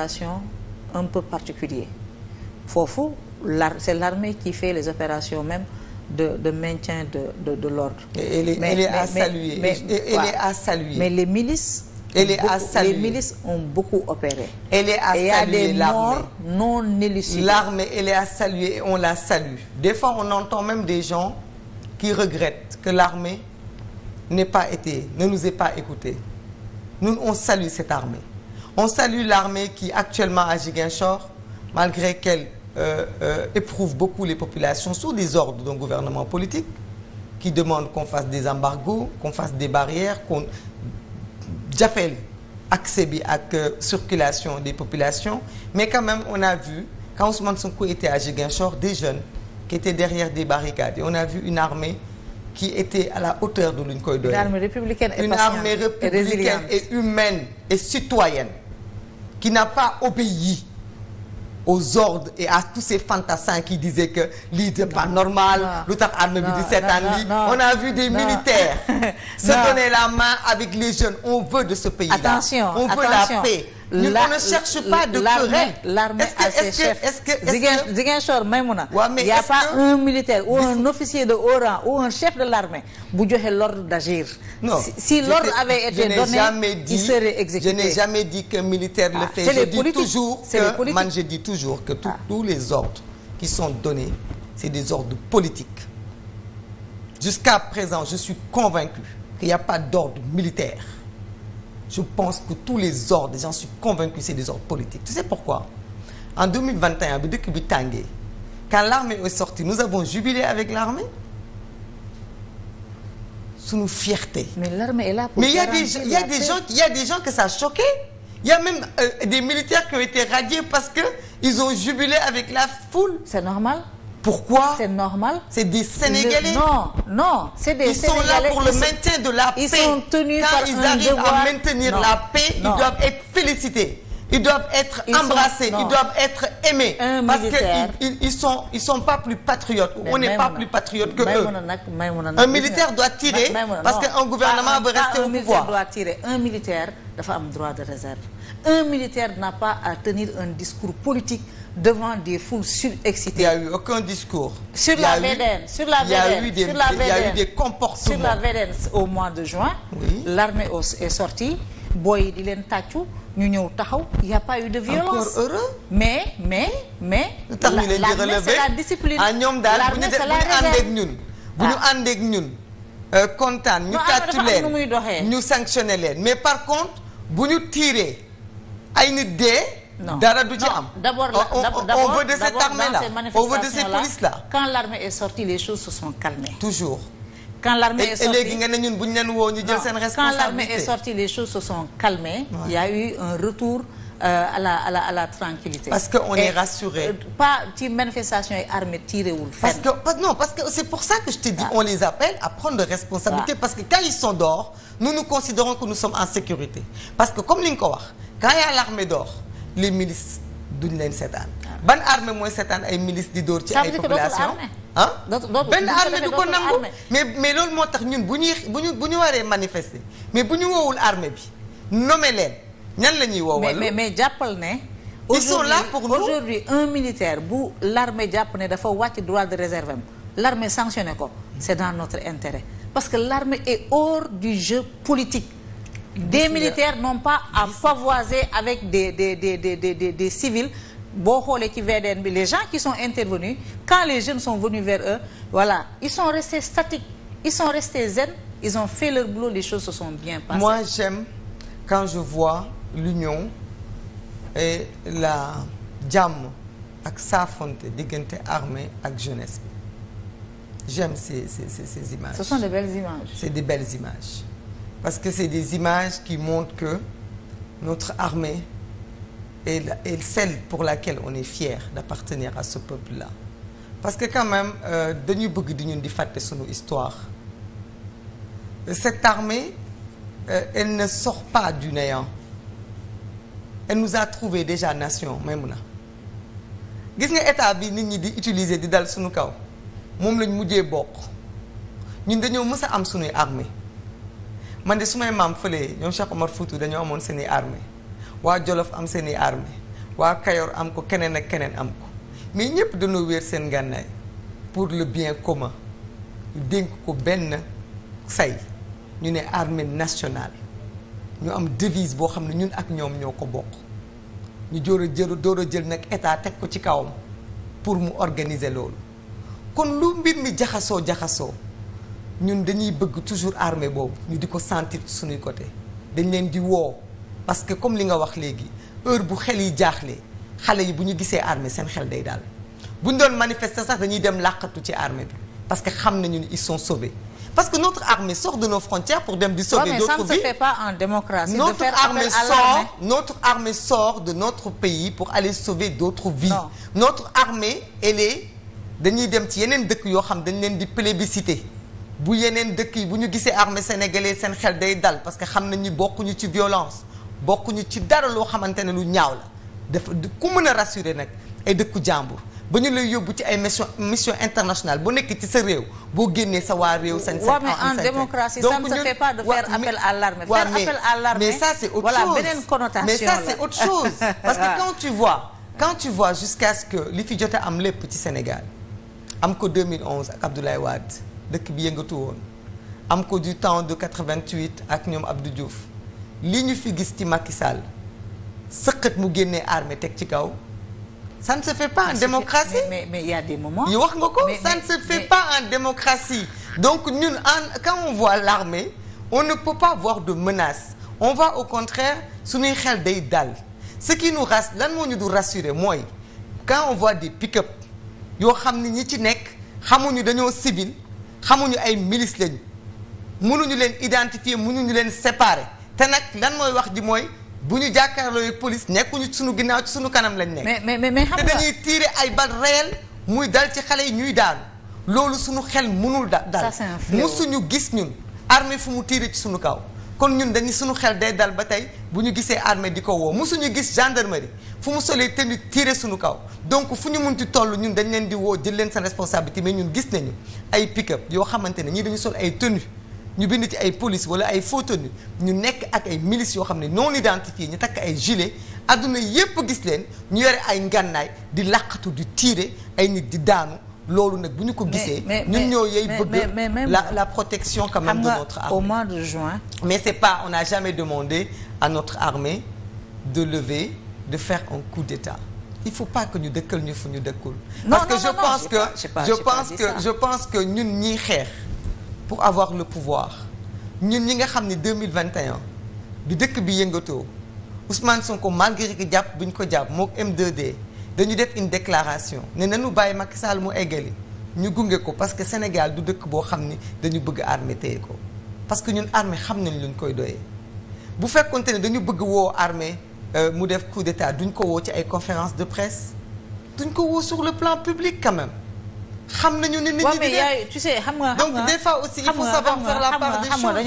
opération un peu particulier foofu l'ar c'est l'armée qui fait les opérations même de de maintien de de de l'ordre. elle est mais, elle est à saluer mais elle est à saluer. mais les milices. elle est beaucoup, à saluer les milices ont beaucoup opéré. elle est à saluer l'armée et il y a des morts non élucidés. l'armée elle est à saluer et on la salue. des fois on entend même des gens qui regrettent que l'armée n'ait pas été ne nous ait pas écoutés. nous on salue cette armée. On salue l'armée qui actuellement à Ziguinchor, malgré qu'elle euh, euh, éprouve beaucoup les populations sous les ordres d'un gouvernement politique qui demande qu'on fasse des embargos, qu'on fasse des barrières, qu'on jafeel accès bi ak euh, circulation des populations. Mais quand même, on a vu, quand Ousmane Sonko était à Ziguinchor, des jeunes qui étaient derrière des barricades. Et on a vu une armée qui était à la hauteur de l'une koy armée républicaine et Une armée républicaine et, et humaine et qui n'a pas obéi aux ordres et à tous ces fantassins qui disaient que lii c'est pas normal lu tax armée bi di seetaan lii on a vu des non, militaires non, se donner la main avec les jeunes on veut de ce pays-là attention, on veut attention. la paix ñun on ne cherche pas de querelle. l'armée a ses chefs. est-ce que est Ziguinchor mais est-ce que a pas un militaire ou un officier de haut rang ou un chef de l'armée bu joxe l'ordre d'agir. non si l'ordre avait été donné il serait exécuté. je n'ai jamais dit qu'un militaire le ah, fait. je dis toujours que man ah. les ordres qui sont donnés c'est des ordres politiques. Jusqu'à présent, je suis convaincu qu'il n'y a pas d'ordre militaire. je pense que tous les ordres j'en suis convaincu c'est des ordres politiques tu sais pourquoi en 2021 bi dëkk bi tàngee quand l'armée est sortie nous avons jubilé avec l'armée sunu fierté mais l'armée est là pour mais il y a des gens il y a des gens il y a des gens que ça a choqué il y a même euh, des militaires qui ont été radiés parce que ils ont jubilé avec la foule c'est normal Pourquoi? C'est normal. C'est des Sénégalais. Le, non, non, c'est des ils Sénégalais. Ils sont là pour le maintien de la ils paix. Ils sont tenus Quand par ils un devoir. Quand ils arrivent à maintenir non, la paix, non. ils doivent être félicités. Ils doivent être ils embrassés, sont, ils doivent être aimés un parce militaire, que ils, ils sont ils sont pas plus patriotes. On n'est pas plus patriotes que eux. Un militaire doit tirer parce qu'un gouvernement veut rester au pouvoir. Un militaire doit tirer. Un militaire dafa am droit de réserve. Un militaire n'a pas à tenir un discours politique. devant des foules surexcitées. Il n'y a eu aucun discours. Sur la VDN, sur la VDN, sur la VDN. Il y a eu des comportements. Sur la VDN au mois de juin, oui. l'armée est sortie, boy yi di leen tàccu ñu ñëw taxaw. il n'y a pas eu de violence. encore heureux. mais mais mais. tax ñu leen di relever la discipline. ah ñoom daal bu ñu bu ñu àndeek ñun. bu ñu ah. àndeek ñun. Euh, kontaan ñu tàccu leen ñu sanctionné leen mais par contre bu ñu tiiree ay nit dee. dara du ci am d'abord on veut de cette armée là on veut de cette police là quand l'armée est sortie les choses se sont calmées toujours quand l'armée est sortie bu ñu leen woo ñu jël seen responsabilité quand l'armée est sortie les choses se sont calmées il y a eu un retour euh, à la à la à la tranquillité parce que on est rassuré euh, pas ci manifestation yi armée tiréwul parce que non parce que c'est pour ça que je te dis ah. on les appelle à prendre de responsabilité ah. parce que quand ils sont dehors nous nous considérons que nous sommes en sécurité parce que comme li nga ko wax quand il les milices duñ leen seetaan. Ah. ban armée mooy seetaan ay milices di dóor ci ay population ah benn armée du ko nangu mais mais loolu moo tax ñun bu ñuy bu ñu bu ñu waree manifester mais bu ñu wowul armée bi nommé leen ñan la ñuy woowal mais mais jàppal ne ils sont là pour nous un militaire bu l'armée jàpp ne dafa wàcc droit de réserve am l'armée sanctionné ko c'est dans notre intérêt parce que l'armée est hors du jeu politique des militaires n'ont pas à pavoiser avec des des des des des, des, des civils boo xoolee ci VDN bi les gens qui sont intervenus quand les jeunes sont venus vers eux voilà ils sont restés statiques ils sont restés zen ils ont fait leur boulot les choses se sont bien passées. Moi j'aime quand je vois l'union et la jàmm ak saafonte diggante armée ak jeunesse bi j'aime ces ces ces images. Ce sont de belles belles images. parce que c'est des images qui montrent que notre armée est, est celle pour laquelle on est fier d'appartenir à ce peuple-là parce que quand même euh, dañu bëgg di ñun di fàtte sunu histoire cette armée euh, elle ne sort pas du néant elle nous a trouvé déjà nation Maïmouna gis nga état bi nit ñi di utiliser di dal suñu kaw moom lañ mujjee bokk ñun dañoo mës a am suñuy armée man de su may maam fëlee ñoom Cheikh Omar Foutou dañoo amoon seeni i waa Jolof am seeni i waa Kayor am ko keneen ak keneen am ko mais ñëpp dañoo wéer seen ngànnaay pour le bien commun ñu dénk ko benn say ñu ne armée nationale ñu am devise boo xam ne ñun ak ñoom ñoo ko bokk ñu jóor a jël door a jël nag état teg ko ci kawam pour mu organiser loolu kon lu mbir mi jaxasoo jaxasoo ñun dañuy bëgg toujours armée boobu ñu di ko sentir suñuy côté dañ leen di woo parce que comme li nga wax léegi heure bu xel yi jaaxle xale yi bu ñu gisee armée seen xel day daal bu ñu doon manifester sax dañuy dem làqatu ci armée bi parce que xam nañu ni ils sont sauvés parce que notre armée sort de nos pour dem di sauver d'autres vies. mais ça ne se fait pas en démocratie. de faire appel notre pays pour aller sauver d'autres vies. non notre armée elle est dañuy dem ci yeneen dëkk yoo xam dañ leen di plébisciter. bu yeneen dëkk yi bu ñu gisee armée sénégalaise seen xel day dal parce que xam nañ ni bokkuñu ci violence bokkuñu ci dara loo xamante ne lu ñaaw la dafa ku mën a rassurer nag ay dëkku jàmbur ba ñu lay yóbbu ci ay mission mission internationale bu nekk ci sa réew boo génnee sa waa réew. seen seen mais en à l'armée. à l'armée mais ça c'est autre chose voilà beneen parce que quand tu vois quand ce que li fi jot am lépp ci Sénégal am ko 2011 ak Abdoulaye Wade. dëkk bi yëngatu woon am ko du temps de vingt 88 ak ñoom ab du Diouf li ñu fi gis ci Macky Sall sëqat mu génnee armée teg ci kaw ça ne se fait pas en démocratie mais mais y a des moments. wax nga ko ça ne se fait pas en démocratie donc ñun en quand on voit l'armée on ne peut pas voir de menace on va au contraire suñuy xel day dal ce qui nous lan moo ñu du rassurer mooy quand on voit pick-up yoo xam ni ñi ci nekk xamuñu dañoo civil xamuñu ay milice lañu mënuñu leen identifier mënuñu leen séparer te nag lan mooy wax ji mooy bu ñu jàkkaarloo police nekkuñu sunu ginnaaw ci sunu kanam lañ nekk. mais mais mais xam te dañuy tiire ay balles réelles muy dal ci xale yi ñuy daal loolu suñu xel mënul da dal. suñu gis ñun armée fu mu tiire ci sunu kaw. kon ñun dañu suñu xel day dal ba tey bu ñu gisee armée di ko woo suñu gis gendarmerie fu mu solee te ñu suñu kaw donc fu ñu mun munti toll ñun dañ leen di woo jël leen seen responsabilité mais ñun gis nañu ay pick-up yoo xamante ne ñii dañu sol ay tenu ñu bind ci ay police wala ay faux tenue ñu nekk ak ay milices yoo xam ne non identifié ñu takk ay gilet àdduna yépp gis leen ñu yore ay ngànnaay di làqatu di tiire ay nit di daanu loolu nag bu ñu ko gisee. ñun ñoo yey bëgg la la protection quand même de notre armée. au mois de juin. mais c'est pas on n'a jamais demandé à notre armée de lever de faire un coup d'État il faut pas que ñu dëkkal ñu fu ñu dëkkul. parce que je pense que je pense que je pense que ñun ñiy xeex pour avoir le pouvoir ñun ñi nga xam ne 2021 bi dëkk bi yëngatoo Ousmane Sonko malgré que jàpp bu ñu ko jàpp mook M2D. dañu def une déclaration ne nañu bàyyi Macky saal mu eggali ñu gunge ko parce que Sénégal du dëkk boo xam ni dañu bëgg armée téye ko parce que ñun armée xam nañ luñ koy doyee bu fekkonte ne dañu bëgg woo armée euh, mu def coup d'état duñ ko woo ci ay conférence de presse duñ ko woo sur le plan public quand xam nañu ne nit ñi di def xam nga xam nga donc des aussi il faut savoir faire la part des choses